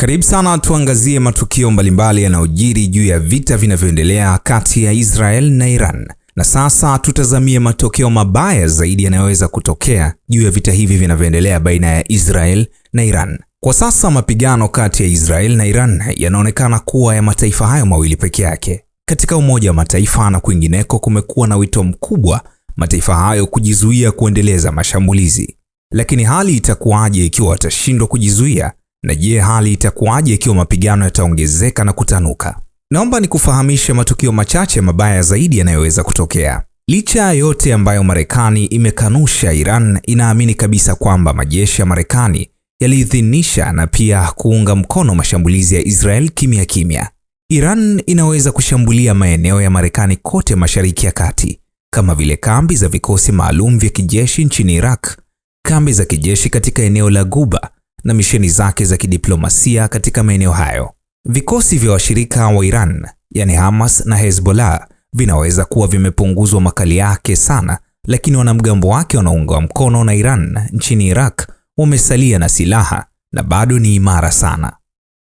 Karibu sana tuangazie matukio mbalimbali yanayojiri juu ya vita vinavyoendelea kati ya Israel na Iran. Na sasa tutazamie matokeo mabaya zaidi yanayoweza kutokea juu ya vita hivi vinavyoendelea baina ya Israel na Iran. Kwa sasa mapigano kati ya Israel na Iran yanaonekana kuwa ya mataifa hayo mawili peke yake. Katika Umoja wa Mataifa na kwingineko kumekuwa na wito mkubwa mataifa hayo kujizuia kuendeleza mashambulizi. Lakini hali itakuwaje ikiwa watashindwa kujizuia? Na je, hali itakuwaje ikiwa mapigano yataongezeka na kutanuka? Naomba nikufahamishe matukio machache mabaya zaidi yanayoweza kutokea. Licha ya yote ambayo Marekani imekanusha, Iran inaamini kabisa kwamba majeshi ya Marekani yaliidhinisha na pia kuunga mkono mashambulizi ya Israel kimya kimya. Iran inaweza kushambulia maeneo ya Marekani kote Mashariki ya Kati, kama vile kambi za vikosi maalum vya kijeshi nchini Iraq, kambi za kijeshi katika eneo la Guba na misheni zake za kidiplomasia katika maeneo hayo. Vikosi vya washirika wa Iran, yani Hamas na Hezbollah, vinaweza kuwa vimepunguzwa makali yake sana, lakini wanamgambo wake wanaungwa mkono na Iran nchini Iraq wamesalia na silaha na bado ni imara sana.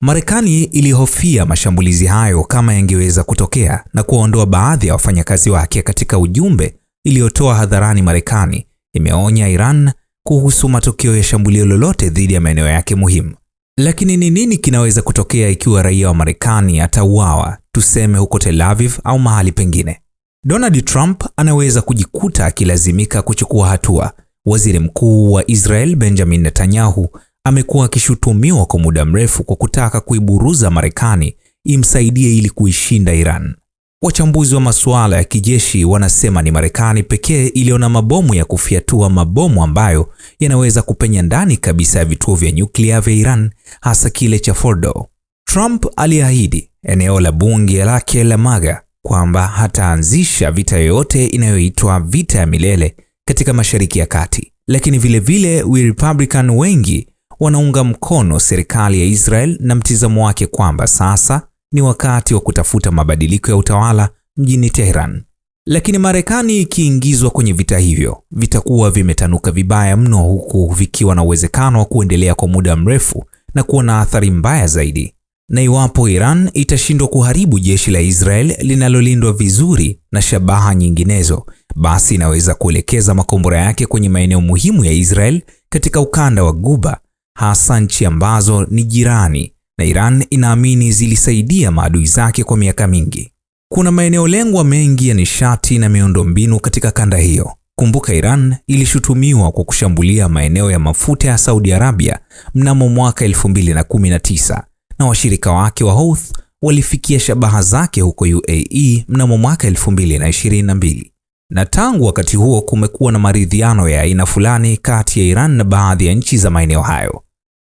Marekani ilihofia mashambulizi hayo kama yangeweza kutokea na kuwaondoa baadhi ya wafanyakazi wake. Katika ujumbe iliyotoa hadharani, Marekani imeonya Iran kuhusu matokeo ya shambulio lolote dhidi ya maeneo yake muhimu. Lakini ni nini kinaweza kutokea ikiwa raia wa Marekani atauawa, tuseme huko Tel Aviv au mahali pengine? Donald Trump anaweza kujikuta akilazimika kuchukua hatua. Waziri Mkuu wa Israel Benjamin Netanyahu amekuwa akishutumiwa kwa muda mrefu kwa kutaka kuiburuza Marekani imsaidie ili kuishinda Iran. Wachambuzi wa masuala ya kijeshi wanasema ni Marekani pekee iliona mabomu ya kufyatua mabomu ambayo yanaweza kupenya ndani kabisa ya vituo vya nyuklia vya Iran, hasa kile cha Fordo. Trump aliahidi eneo la bunge lake la MAGA kwamba hataanzisha vita yoyote inayoitwa vita ya milele katika Mashariki ya Kati, lakini vilevile we Republican wengi wanaunga mkono serikali ya Israel na mtizamo wake kwamba sasa ni wakati wa kutafuta mabadiliko ya utawala mjini Tehran. Lakini Marekani ikiingizwa kwenye vita hivyo, vitakuwa vimetanuka vibaya mno, huku vikiwa na uwezekano wa kuendelea kwa muda mrefu na kuwa na athari mbaya zaidi. Na iwapo Iran itashindwa kuharibu jeshi la Israel linalolindwa vizuri na shabaha nyinginezo, basi inaweza kuelekeza makombora yake kwenye maeneo muhimu ya Israel katika ukanda wa Guba, hasa nchi ambazo ni jirani na Iran inaamini zilisaidia maadui zake kwa miaka mingi. Kuna maeneo lengwa mengi ya nishati na miundombinu katika kanda hiyo. Kumbuka, Iran ilishutumiwa kwa kushambulia maeneo ya mafuta ya Saudi Arabia mnamo mwaka 2019 na, washirika wake wa Houth walifikia shabaha zake huko UAE mnamo mwaka 2022. Na tangu wakati huo kumekuwa na maridhiano ya aina fulani kati ya Iran na baadhi ya nchi za maeneo hayo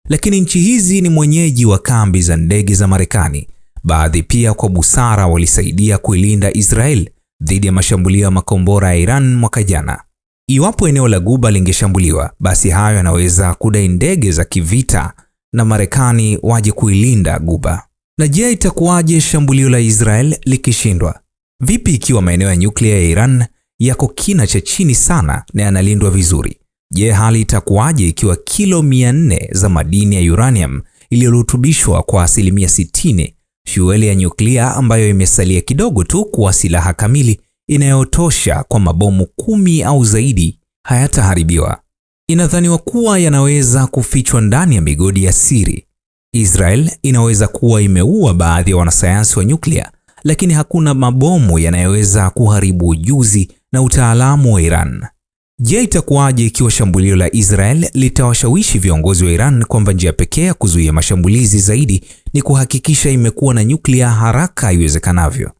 lakini nchi hizi ni mwenyeji wa kambi za ndege za Marekani. Baadhi pia kwa busara walisaidia kuilinda Israel dhidi ya mashambulio ya makombora ya Iran mwaka jana. Iwapo eneo la Guba lingeshambuliwa, basi hayo yanaweza kudai ndege za kivita na Marekani waje kuilinda Guba. Na je, itakuwaje shambulio la Israel likishindwa? Vipi ikiwa maeneo ya nyuklia ya Iran yako kina cha chini sana na yanalindwa vizuri? Je, hali itakuwaje ikiwa kilo 400 za madini ya uranium iliyorutubishwa kwa asilimia 60, fueli ya nyuklia ambayo imesalia kidogo tu kuwa silaha kamili inayotosha kwa mabomu kumi au zaidi hayataharibiwa? Inadhaniwa kuwa yanaweza kufichwa ndani ya migodi ya siri. Israel inaweza kuwa imeua baadhi ya wanasayansi wa nyuklia, lakini hakuna mabomu yanayoweza kuharibu ujuzi na utaalamu wa Iran. Je, itakuwaje ikiwa shambulio la Israel litawashawishi viongozi wa Iran kwamba njia pekee ya kuzuia mashambulizi zaidi ni kuhakikisha imekuwa na nyuklia haraka iwezekanavyo?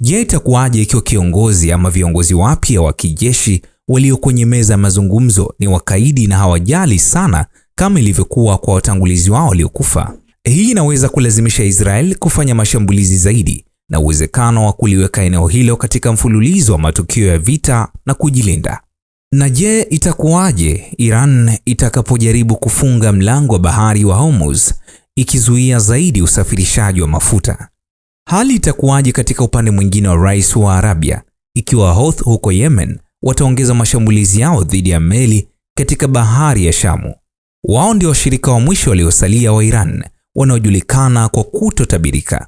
Je, itakuwaje ikiwa kiongozi ama viongozi wapya wa kijeshi walio kwenye meza ya mazungumzo ni wakaidi na hawajali sana kama ilivyokuwa kwa watangulizi wao waliokufa? Hii inaweza kulazimisha Israel kufanya mashambulizi zaidi na uwezekano wa kuliweka eneo hilo katika mfululizo wa matukio ya vita na kujilinda. Na je, itakuwaje Iran itakapojaribu kufunga mlango wa bahari wa Hormuz ikizuia zaidi usafirishaji wa mafuta? Hali itakuwaje katika upande mwingine wa rais wa Arabia ikiwa Houth huko Yemen wataongeza mashambulizi yao dhidi ya meli katika bahari ya Shamu? Wao ndio washirika wa mwisho waliosalia wa Iran wanaojulikana kwa kutotabirika.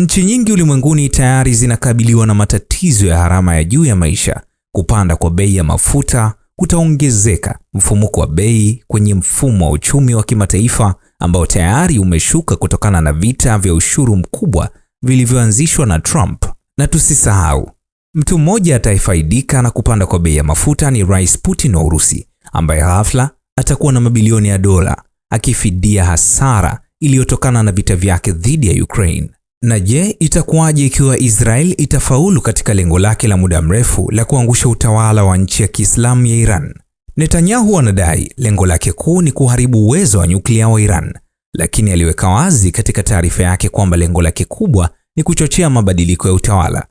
Nchi nyingi ulimwenguni tayari zinakabiliwa na matatizo ya gharama ya juu ya maisha Kupanda kwa bei ya mafuta kutaongezeka mfumuko wa bei kwenye mfumo wa uchumi wa kimataifa ambao tayari umeshuka kutokana na vita vya ushuru mkubwa vilivyoanzishwa na Trump. Na tusisahau, mtu mmoja atayefaidika na kupanda kwa bei ya mafuta ni Rais Putin wa Urusi, ambaye ghafla atakuwa na mabilioni ya dola akifidia hasara iliyotokana na vita vyake dhidi ya Ukraine. Na je, itakuwaje ikiwa Israel itafaulu katika lengo lake la muda mrefu la kuangusha utawala wa nchi ya Kiislamu ya Iran? Netanyahu anadai lengo lake kuu ni kuharibu uwezo wa nyuklia wa Iran, lakini aliweka wazi katika taarifa yake kwamba lengo lake kubwa ni kuchochea mabadiliko ya utawala.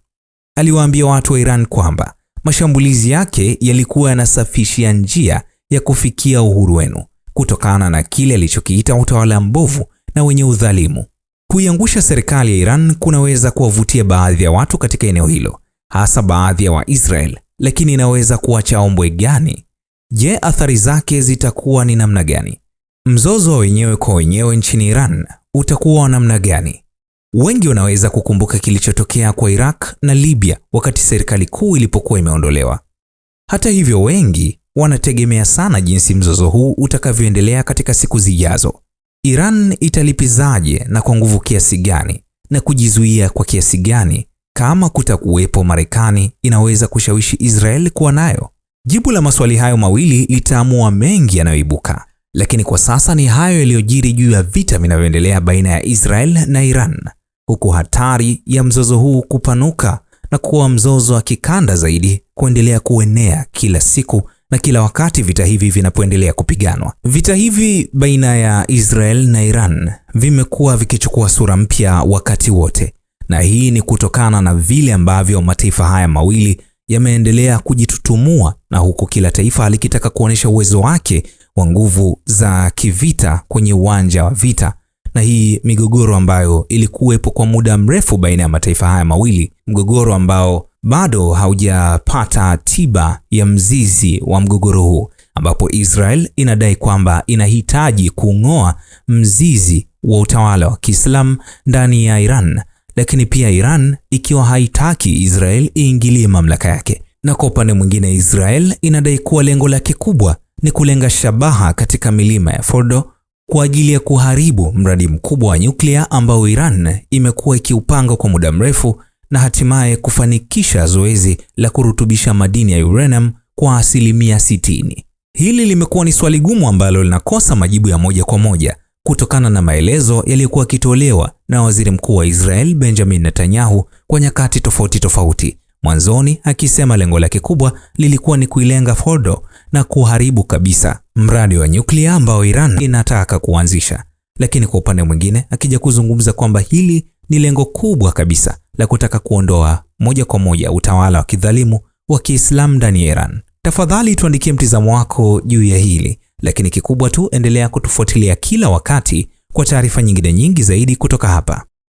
Aliwaambia watu wa Iran kwamba mashambulizi yake yalikuwa yanasafishia njia ya kufikia uhuru wenu kutokana na kile alichokiita utawala mbovu na wenye udhalimu. Kuiangusha serikali ya Iran kunaweza kuwavutia baadhi ya watu katika eneo hilo, hasa baadhi ya Waisrael, lakini inaweza kuacha ombwe gani? Je, athari zake zitakuwa ni namna gani? Mzozo wa wenyewe kwa wenyewe nchini Iran utakuwa wa namna gani? Wengi wanaweza kukumbuka kilichotokea kwa Iraq na Libya wakati serikali kuu ilipokuwa imeondolewa. Hata hivyo, wengi wanategemea sana jinsi mzozo huu utakavyoendelea katika siku zijazo. Iran italipizaje na kwa nguvu kiasi gani na kujizuia kwa kiasi gani kama kutakuwepo Marekani inaweza kushawishi Israel kuwa nayo? Jibu la maswali hayo mawili litaamua mengi yanayoibuka, lakini kwa sasa ni hayo yaliyojiri juu ya vita vinavyoendelea baina ya Israel na Iran, huku hatari ya mzozo huu kupanuka na kuwa mzozo wa kikanda zaidi kuendelea kuenea kila siku na kila wakati vita hivi vinapoendelea kupiganwa. Vita hivi baina ya Israel na Iran vimekuwa vikichukua sura mpya wakati wote, na hii ni kutokana na vile ambavyo mataifa haya mawili yameendelea kujitutumua, na huku kila taifa likitaka kuonyesha uwezo wake wa nguvu za kivita kwenye uwanja wa vita na hii migogoro ambayo ilikuwepo kwa muda mrefu baina ya mataifa haya mawili, mgogoro ambao bado haujapata tiba ya mzizi wa mgogoro huu, ambapo Israel inadai kwamba inahitaji kung'oa mzizi wa utawala wa Kiislamu ndani ya Iran, lakini pia Iran ikiwa haitaki Israel iingilie mamlaka yake. Na kwa upande mwingine, Israel inadai kuwa lengo lake kubwa ni kulenga shabaha katika milima ya Fordo kwa ajili ya kuharibu mradi mkubwa wa nyuklia ambao Iran imekuwa ikiupanga kwa muda mrefu na hatimaye kufanikisha zoezi la kurutubisha madini ya uranium kwa asilimia 60. Hili limekuwa ni swali gumu ambalo linakosa majibu ya moja kwa moja kutokana na maelezo yaliyokuwa yakitolewa na Waziri Mkuu wa Israel Benjamin Netanyahu kwa nyakati tofauti tofauti. Mwanzoni akisema lengo lake kubwa lilikuwa ni kuilenga Fordo na kuharibu kabisa mradi wa nyuklia ambao Iran inataka kuanzisha, lakini kwa upande mwingine akija kuzungumza kwamba hili ni lengo kubwa kabisa la kutaka kuondoa moja kwa moja utawala wa kidhalimu wa Kiislamu ndani ya Iran. Tafadhali tuandikie mtizamo wako juu ya hili, lakini kikubwa tu endelea kutufuatilia kila wakati kwa taarifa nyingine nyingi zaidi kutoka hapa.